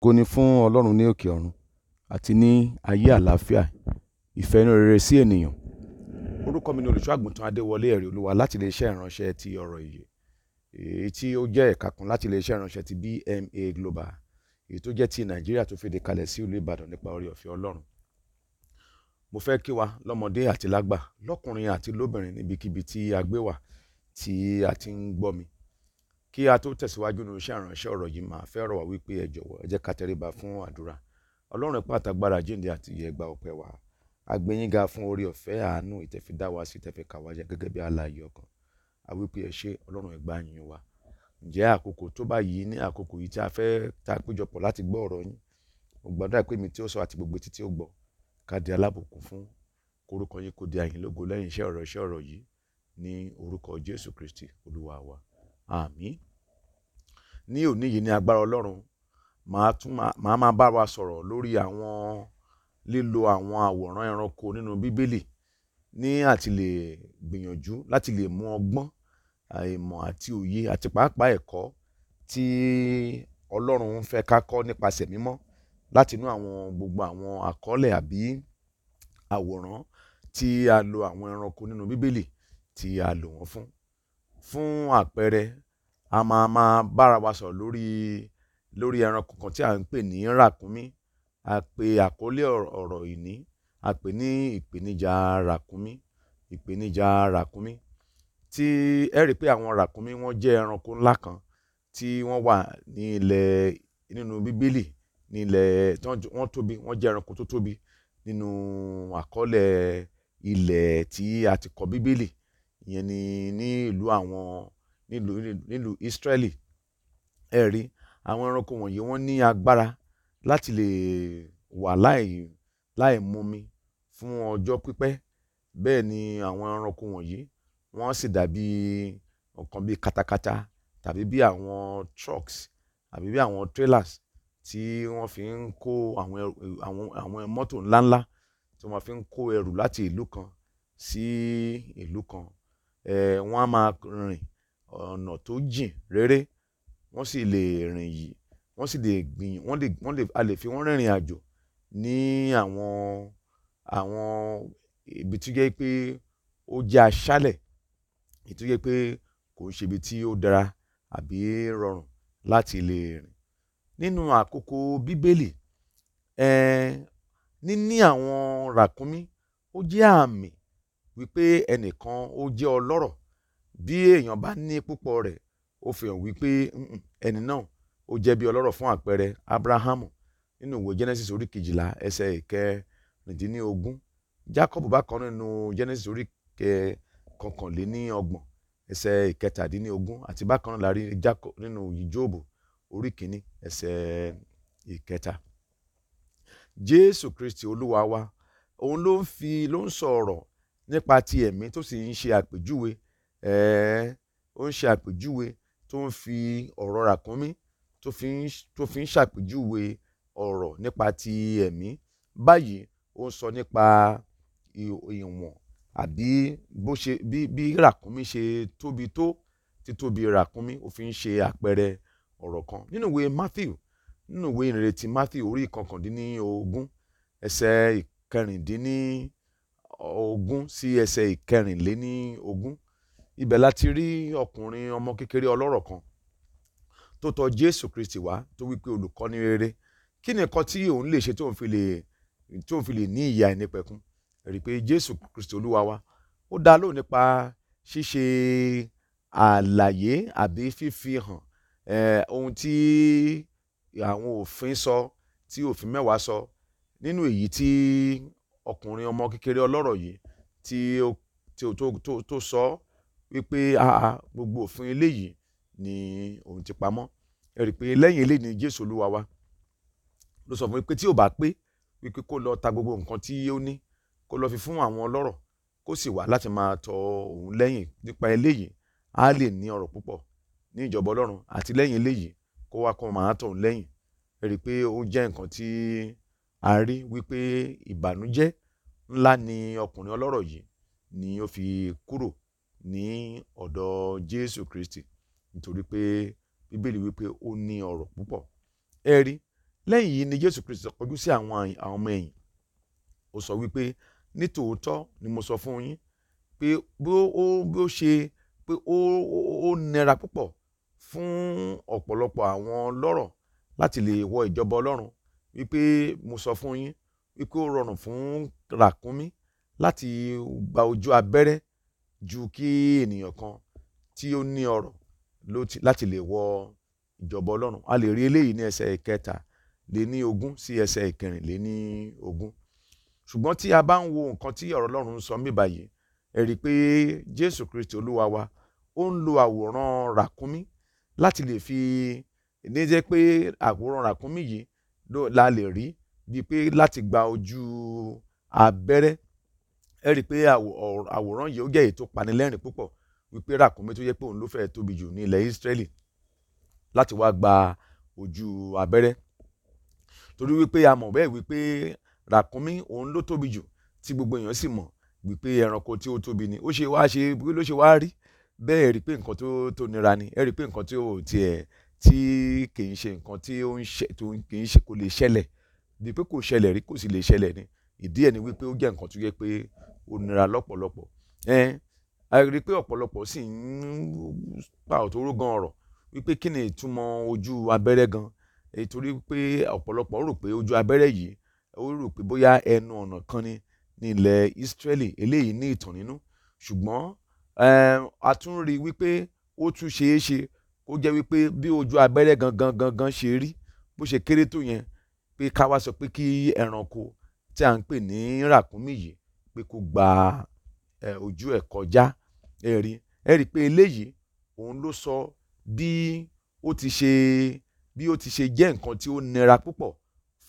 ògo ni fún ọlọ́run ní òkè ọ̀run àti ní ayé àlàáfíà ìfẹ́ inú rere sí ènìyàn. orúkọ mi ni olùṣọ́ àgùntàn adéwọlé ẹ̀rí olúwa láti iléeṣẹ́ ìránṣẹ́ ti ọ̀rọ̀ ìyè èyí tí ó jẹ́ ẹ̀ka kan láti iléeṣẹ́ ìránṣẹ́ ti BMA Global èyí tó jẹ́ ti nàìjíríà tó fìdí kalẹ̀ sí ìlú ìbàdàn nípa orí ọ̀fẹ́ ọlọ́run mo fẹ́ kí wa lọ́mọdé àti lágbà lọ́kùnrin àti lóbìnrin níbikíbi tí a gbé wà tí a ti ń gbọ́ mi kí a tó tẹ̀síwájú nínú iṣẹ́ ìránṣẹ́ ọ̀rọ̀ yìí máa fẹ́ rọ̀ wá wípé ẹ jọ̀wọ́ ẹ jẹ́ ká fún àdúrà ọlọ́run pàtàgbára jíǹde àti ìyẹ̀gbà ọpẹ́ wa agbẹ́yìnga fún orí ọ̀fẹ́ àánú ìtẹ̀fídá wa sí ìtẹ̀fíkà wa jẹ gẹ́gẹ́ bí aláàyè ọkàn àwípé ẹ ṣé ọlọ́run ẹ gbà yín wa ǹjẹ́ àkókò tó bá yìí ní àkókò yìí tí a fẹ́ tá a péjọpọ̀ láti gbọ́ ọ̀rọ̀ yín mo gbàdúrà pé mi tí ó sọ àti gbogbo etí tí ó gbọ́ ká yìí ní àmín ní òní yìí ní agbára ọlọ́run màá tún màá máa bá wa sọ̀rọ̀ lórí àwọn lílo àwọn àwòrán ẹranko nínú bíbélì ní àti lè gbìyànjú láti lè mú ọgbọ́n ìmọ̀ àti òye àti pàápàá ẹ̀kọ́ tí ọlọ́run ń fẹ́ ká kọ́ nípasẹ̀ mímọ́ láti inú àwọn gbogbo àwọn àkọọ́lẹ̀ àbí àwòrán tí a lo àwọn ẹranko nínú bíbélì tí a lò wọ́n fún fún àpẹẹrẹ a máa máa bára wa sọ̀rọ̀ lórí lórí ẹranko kan tí à ń pè ní ràkúnmí a pe àkọlé ọ̀rọ̀ ìní a pè ní ìpèníjà ràkúnmí ìpèníjà ràkúnmí tí ẹ rí i pé àwọn ràkúnmí wọ́n jẹ́ ẹranko ńlá kan tí wọ́n wà ní ilẹ̀ nínú bíbélì ní ilẹ̀ wọ́n tóbi wọ́n jẹ́ ẹranko tó tóbi nínú àkọọ́lẹ̀ ilẹ̀ tí a ti kọ bíbélì ìyẹn ni ní ìlú àwọn nílùú nílùú Israeli ẹ rí àwọn ẹranko wọ̀nyí wọ́n ní agbára láti lè wà láì láì mumi fún ọjọ́ pípẹ́ bẹ́ẹ̀ ni àwọn ẹranko wọ̀nyí wọ́n sì dàbí nǹkan bíi katakata tàbí bí àwọn trucks àbí bí àwọn trailers tí wọ́n fi ń kó àwọn àwọn àwọn mọ́tò ńláńlá tí wọ́n fi ń kó ẹrù láti ìlú kan sí ìlú kan um wọ́n á máa rìn ọ̀nà tó jìn réré wọ́n sì lè rìn yìí wọ́n sì lè gbìyàn wọ́n lè wọ́n lè a lè fi wọ́n rìnrìn àjò ní àwọn àwọn ibi tó jẹ́ pé ó jẹ́ aṣálẹ̀ èyí tó jẹ́ pé kò ń ṣe ibi tí ó dára àbí rọrùn láti lè rìn nínú àkókò bíbélì um níní àwọn ràkúnmí ó jẹ́ àmì wípé ẹnìkan ó jẹ́ ọlọ́rọ̀ bí èèyàn bá ní púpọ̀ rẹ̀ ó fi hàn wípé ẹni náà ó jẹ́ bí ọlọ́rọ̀ fún àpẹẹrẹ abrahamu nínú ìwé genesis orí kejìlá ẹsẹ̀ ìkẹrìndínlógún jacob bákan nínú genesis orí kọkànléníọgbọ̀n ẹsẹ̀ ìkẹtàdínlógún àti bákan náà la rí jacob nínú ìjóòbù orí kìíní ẹsẹ̀ ìkẹta jésù kristi olúwa wa òun ló ń fi ló ń sọ ọ̀rọ̀ nípa ti ẹ̀mí tó sì ń ṣe àpèjúwe um ó ń ṣe àpèjúwe tó ń fi ọ̀rọ̀ ràkúnmí tó fi ń ṣàpèjúwe ọ̀rọ̀ nípa ti ẹ̀mí báyìí ó ń sọ nípa ìwọ̀n àbí bó ṣe bí bí ràkúnmí ṣe tóbi tó títóbi ràkúnmí ó fi ń ṣe àpẹẹrẹ ọ̀rọ̀ kan nínú ìwé Matthew nínú ìwé ìrètí Matthew orí kọkàndínní ogún ẹsẹ̀ ìkẹrìndínní ogún sí ẹsẹ̀ ìkẹrìnléníogún ibẹ̀ la ti rí ọkùnrin ọmọ kékeré ọlọ́rọ̀ kan tó tọ̀ Jésù Kristi wá tó wípé olùkọ́ni rere kí ni nǹkan tí òun lè ṣe tóun fi lè tóun fi lè ní ìyà ìnípẹ̀kun rí i pé Jésù Kristi olúwa wa ó dá lóun nípa ṣíṣe àlàyé àbí fífi hàn ohun tí àwọn òfin sọ tí òfin mẹ́wàá sọ nínú èyí tí ọkùnrin ọmọ kékeré ọlọ́rọ̀ yìí tí ó tó sọ wípé gbogbo òfin eléyìí ni òun ti pamọ́ ẹ rí i pé lẹ́yìn eléyìí ni Jésù Olúwa wa ló sọ fún mi pé tí ò bá pé wípé kó lọ ta gbogbo nǹkan tí ó ní kó lọ fi fún àwọn ọlọ́rọ̀ kó sì wá láti máa tọ̀ òun lẹ́yìn nípa eléyìí á lè ní ọrọ̀ púpọ̀ ní ìjọba ọlọ́run àti lẹ́yìn eléyìí kó wá kó máa tọ̀ òun lẹ́yìn ẹ rí i pé ó jẹ́ nǹkan tí a rí i wípé ìbànújẹ́ ńlá ni ọkùnrin ọlọ́rọ̀ yìí ni ó fi kúrò ní ọ̀dọ̀ jésù kristi nítorí pé bíbélì wípé ó ní ọrọ̀ púpọ̀ ẹ rí lẹ́yìn yìí ni jésù kristi kọjú sí àwọn ọmọ ẹ̀yìn ó sọ wípé nítòótọ́ ni mo sọ fún yín pé bí ó bí ó ṣe pé ó ó nira púpọ̀ fún ọ̀pọ̀lọpọ̀ àwọn lọ́rọ̀ láti lè wọ ìjọba ọlọ́run wípé mo sọ fún yín wípé ó rọrùn fún ràkúnmí láti gba ojú abẹ́rẹ́ ju kí ènìyàn kan tí ó ní ọrọ̀ láti lè wọ ìjọba ọlọ́run a lè rí eléyìí ní ẹsẹ̀ ìkẹta lé ní ogún sí ẹsẹ̀ ìkẹrìn lé ní ogún ṣùgbọ́n tí a bá ń wo nǹkan tí ọ̀rọ̀ ọlọ́run ń sọ mí báyìí ẹ rí i pé jésù kristi olúwa wa ó ń lo àwòrán ràkúnmí láti lè fi ní jẹ́ pé àwòrán ràkúnmí yìí la lè rí bíi pé láti gba ojú abẹ́rẹ́ ẹ rí i pé àwòrán yìí ó jẹ́ èyí tó panilẹ́rìn púpọ̀ wípé ràkúnmí tó yẹ pé òun ló fẹ́ẹ́ tóbi jù ní ilẹ̀ Ísírẹ́lì láti wá gba ojú abẹ́rẹ́ torí wípé a mọ̀ bẹ́ẹ̀ wípé ràkúnmí òun ló tóbi jù tí gbogbo èèyàn sì mọ̀ wípé ẹranko tí ó tóbi ni ó ṣe wá ṣe ló ṣe wá rí bẹ́ẹ̀ rí i pé nǹkan tó nira ni ẹ rí i pé nǹkan tí tiẹ̀ tí kì í ṣe nǹkan tí ó ń ṣe tó kì í ṣe kò lè ṣẹlẹ̀ bí pé kò ṣẹlẹ̀ rí kò sì lè ṣẹlẹ̀ ni ìdí ẹ̀ ni wípé ó jẹ́ nǹkan tó yẹ pé ó nira lọ́pọ̀lọpọ̀ ẹ a rí i pé ọ̀pọ̀lọpọ̀ sì ń pa òtóró gan ọ̀rọ̀ wípé kí ni ìtumọ̀ ojú abẹ́rẹ́ gan nítorí pé ọ̀pọ̀lọpọ̀ rò pé ojú abẹ́rẹ́ yìí ó rò pé bóyá ẹnu ọ̀nà kan ni ní ilẹ̀ eléyìí ní ìtàn nínú ṣùgbọ́n a tún rí i wípé ó tún ṣeé ṣe kó jẹ́ wípé bí ojú abẹ́rẹ́ gangan gangan ṣe rí bó ṣe kéré tó yẹn pé ká wá sọ pé kí ẹranko tí à ń pè ní ràkúnmí yìí pé kó gba ojú ẹ̀ kọjá ẹ rí ẹ pé eléyìí òun ló sọ bí ó ti ṣe bí ó ti ṣe jẹ́ nǹkan tí ó nira púpọ̀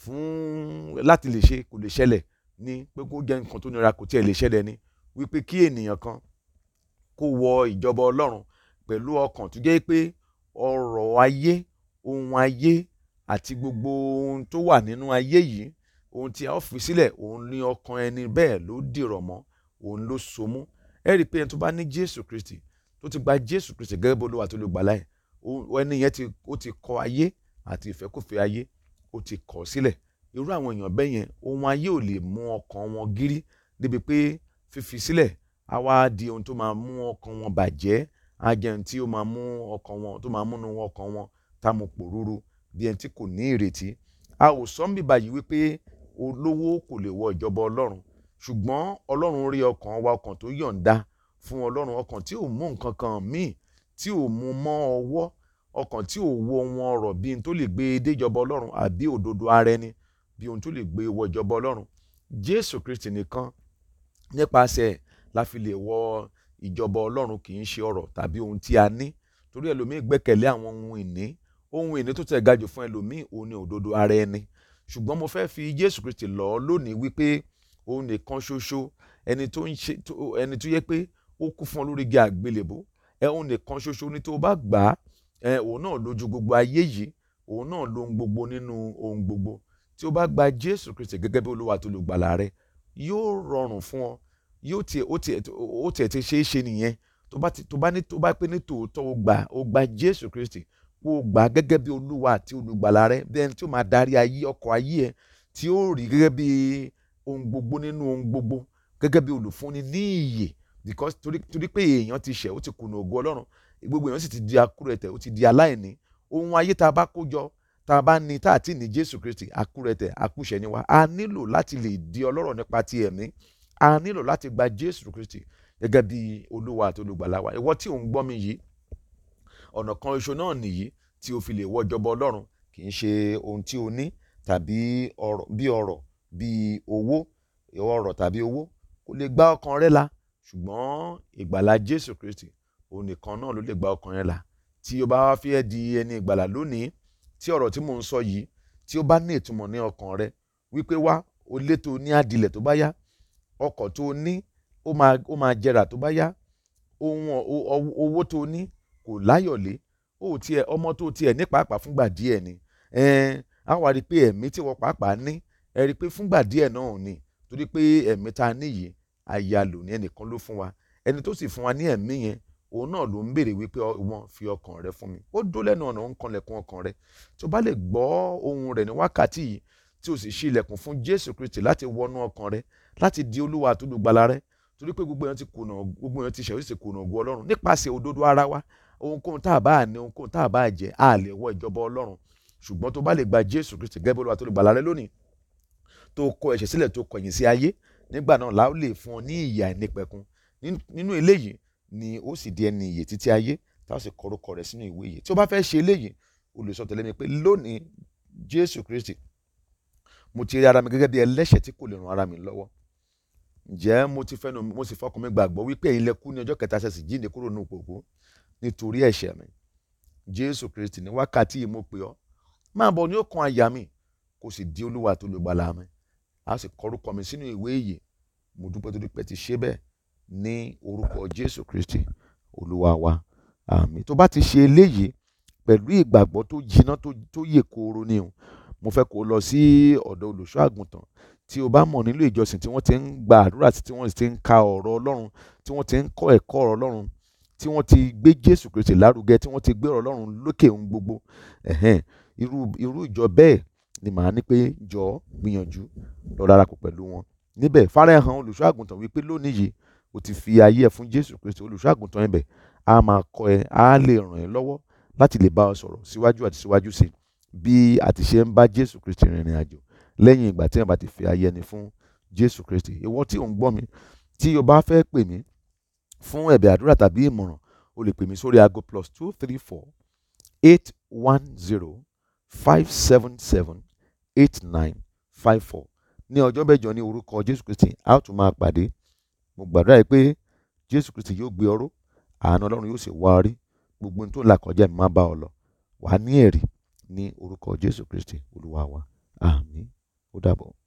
fún láti lè ṣe kò lè ṣẹlẹ̀ ní pé kó jẹ́ nǹkan tó nira kò tiẹ̀ lè ṣẹlẹ̀ ní wípé kí ènìyàn kan kó wọ ìjọba ọlọ́run pẹ̀lú ọkàn tó jẹ́ pé ọrọ̀ ayé ohun ayé àti gbogbo ohun tó wà nínú ayé yìí ohun tí a ó fi sílẹ̀ òun ní ọkàn ẹni bẹ́ẹ̀ ló dìrọ̀ mọ́ òun ló so mú ẹ rí i pé ẹni tó bá ní jésù kristi tó ti gba jésù kristi gẹ́gẹ́ bó ló wà tó lè gbà láì ẹni yẹn ó ti kọ ayé àti ìfẹ́kùfẹ́ ayé ó ti kọ̀ sílẹ̀ irú àwọn èèyàn bẹ́ẹ̀ yẹn ohun ayé ò lè mú ọkàn wọn gírí débi pé fífi sílẹ̀ á wá di ohun tó máa mú ọkàn wọn bàjẹ́ agent tí ó máa mú ọkàn wọn tó máa múnú ọkàn wọn tá mo pòrúru bí ẹni tí kò ní ìrètí a ò sọ níbi báyìí wípé olówó kò lè wọ ìjọba ọlọ́run ṣùgbọ́n ọlọ́run rí ọkàn wa ọkàn tó yọ̀ǹda fún ọlọ́run ọkàn tí ò mú nǹkan kan míì tí ò mú mọ́ ọwọ́ ọkàn tí ò wo ohun ọ̀rọ̀ bí n tó lè gbé e déjọba ọlọ́run àbí òdodo ara ẹni bí ohun tó lè gbé e wọ ìjọba ọlọ́run jésù kristi nìkan nípasẹ̀ la fi lè wọ ìjọba ọlọ́run kì í ṣe ọrọ̀ tàbí ohun tí a ní torí ẹlòmíì gbẹ́kẹ̀lé àwọn ohun ìní ohun ìní tó tẹ̀ ga jù fún ẹlòmíì òun ni òdodo ara ẹni ṣùgbọ́n mo fẹ́ fi Jésù Kristi lọ̀ lónìí wípé òun nìkan ṣoṣo ẹni tó yẹ pé ó kú fún ọ igi àgbélébó ẹ̀hún nìkan ṣoṣo ni tó bá gbà á òun náà lójú gbogbo ayé yìí òun náà lóhun gbogbo nínú ohun gbogbo tí ó bá gba Jésù Kristi gẹ́gẹ́ bí Olúwa tó lùgbàlà rẹ yóò rọrùn fún ọ yóò tiẹ̀ ó tiẹ̀ ó tiẹ̀ ti ṣeé ṣe nìyẹn tó bá tó bá ní tó bá pé ní tòótọ́ o gbà o gbà Jésù Kristi kó o gbà gẹ́gẹ́ bí olúwa àti olùgbàlà rẹ bí ẹni tí ó máa darí ayé ọkọ̀ ayé ẹ tí ó rí gẹ́gẹ́ bí ohun gbogbo nínú ohun gbogbo gẹ́gẹ́ bí olùfúnni ní ìyè because torí torí pé èèyàn ti ṣẹ̀ ó ti kùnà ògo Ọlọ́run gbogbo èèyàn sì ti di akúrẹ̀tẹ̀ ó ti di aláìní ohun ayé tá a bá kó jọ tá a bá ní tá a ní Jésù Kristi akúrẹ̀tẹ̀ akúṣẹ̀ ni wa a nílò láti lè di ọlọ́rọ̀ nípa ti ẹ̀mí a nílò láti gba jésù kristi gẹ́gẹ́ bí olúwa àti olùgbàlà wa ìwọ tí ò ń gbọ́ mi yìí ọ̀nà kan iṣu náà nìyí tí o fi lè wọ ìjọba ọlọ́run kì í ṣe ohun tí o ní tàbí ọrọ̀ bí ọrọ̀ bí owó ọrọ̀ tàbí owó kò lè gbá ọkàn rẹ là ṣùgbọ́n ìgbàlà jésù kristi òun nìkan náà ló lè gba ọkàn rẹ là tí o bá wá fẹ́ di ẹni ìgbàlà lónìí tí ọ̀rọ̀ tí mò ń sọ yìí tí ó bá ní ìtumọ̀ ní ọkàn rẹ wípé wá o létò ní adìlẹ̀ tó bá yá ọkọ̀ tó ní ó máa ó máa jẹrà tó bá yá ohun owó tó ní kò láyọ̀lé ó tiẹ̀ ọmọ tó tiẹ̀ ní pàápàá fúngbà díẹ̀ ni á wá rí i pé ẹ̀mí tí wọ́n pàápàá ní ẹ rí i pé fúngbà díẹ̀ náà ni torí pé ẹ̀mí tá a ní yìí ni ẹnìkan ló fún wa ẹni tó sì fún wa ní ẹ̀mí yẹn òun náà ló ń béèrè wípé wọn fi ọkàn rẹ fún mi ó dó lẹ́nu ọ̀nà ó kanlẹ̀kùn ọkàn rẹ tó bá lè gbọ́ ohùn rẹ̀ ní wákàtí yìí tí o sì ṣí ilẹ̀kùn fún jésù kristi láti wọnú ọkàn rẹ láti di olúwa àti olùgbàlà rẹ torí pé gbogbo èèyàn ti kùnà gbogbo èèyàn ti ṣẹ̀ oríṣi kùnà ògùn ọlọ́run nípasẹ̀ òdodo ara wa ohunkóhun tá a bá ní ohunkóhun tá a bá jẹ a lè wọ ìjọba ọlọ́run ṣùgbọ́n tó bá lè gba jésù kristi gẹ́gẹ́ bí olúwa àti olùgbàlà rẹ lónìí tó kọ ẹ̀ṣẹ̀ sílẹ̀ tó kọ̀yìn sí ayé nígbà náà la ó lè fún ọ ní ìyà ìnípẹ̀kun nínú eléyìí ni ó sì di ẹni ìyè títí ayé tá a sì kọ orúkọ rẹ sínú ìwé ìyè tí o bá fẹ́ ṣe eléyìí o lè sọ tẹ̀lé mi pé lónìí jésù kristi mo ti rí ara mi gẹ́gẹ́ bí ẹlẹ́ṣẹ̀ tí kò lè ran ara mi lọ́wọ́ ǹjẹ́ mo ti fẹ́nu mo sì fọkàn mi gbàgbọ́ wípé èyí lẹ kú ní ọjọ́ kẹta ṣẹ̀ṣì jíǹde kúrò ní òpòpò nítorí ẹ̀ṣẹ̀ mi jésù kristi ní wákàtí yìí mo pè ọ́ máa bọ̀ ní ọkàn àyà mi kò sì di olúwa tó lè gbàlà mi a sì kọrúkọ mi sínú ìwé ìyè mo dúpẹ́ tó dúpẹ́ ti ṣe bẹ́ẹ̀ ní orúkọ jésù kristi olúwa wa àmín tó bá ti ṣe eléyìí pẹ̀lú ìgbàgbọ́ tó jiná tó yè kooro ni mo fẹ́ kó lọ sí ọ̀dọ̀ olùṣọ́ àgùntàn tí o bá mọ̀ nílò ìjọsìn tí wọ́n ti ń gba àdúrà tí wọ́n ti ń ka ọ̀rọ̀ ọlọ́run tí wọ́n ti ń kọ́ ẹ̀kọ́ ọ̀rọ̀ ọlọ́run tí wọ́n ti gbé jésù kristi lárugẹ tí wọ́n ti gbé ọ̀rọ̀ ọlọ́run lókè ohun gbogbo ẹ̀hẹ́n irú irú ìjọ bẹ́ẹ̀ ni màá ní pé jọ gbìyànjú lọ darapọ̀ pẹ̀lú wọn níbẹ̀ farahàn olùṣọ́ wípé lónìí yìí o ti fi ayé ẹ fún jésù kristi olùṣọ́ àgùntàn ẹ̀bẹ̀ a máa kọ́ ẹ a lè ràn ẹ́ lọ́wọ́ láti lè bá ọ sọ̀rọ̀ síwájú àti síwájú sí bí a ti ṣe ń bá Jésù Kristi rìnrìn àjò lẹ́yìn ìgbà tí èèyàn bá ti fi ayé ẹni fún Jésù Kristi ìwọ tí ò ń gbọ́ mi tí o bá fẹ́ pè mí fún ẹ̀bẹ̀ àdúrà tàbí ìmọ̀ràn o lè pè mí sórí aago plus two three four eight one zero five seven seven eight nine five four ní ọjọ́ bẹ́jọ ní orúkọ Jésù Kristi a ó tún máa pàdé mo gbàdúrà yìí pé Jésù Kristi yóò gbé ọró àánú Ọlọ́run yóò sì wá rí gbogbo ohun tó là kọjá mi máa bá ọ lọ wà á ní ẹ̀rí ní orúkọ Jésù Kristi Olúwa wa. Àmín. Ó dàbọ̀.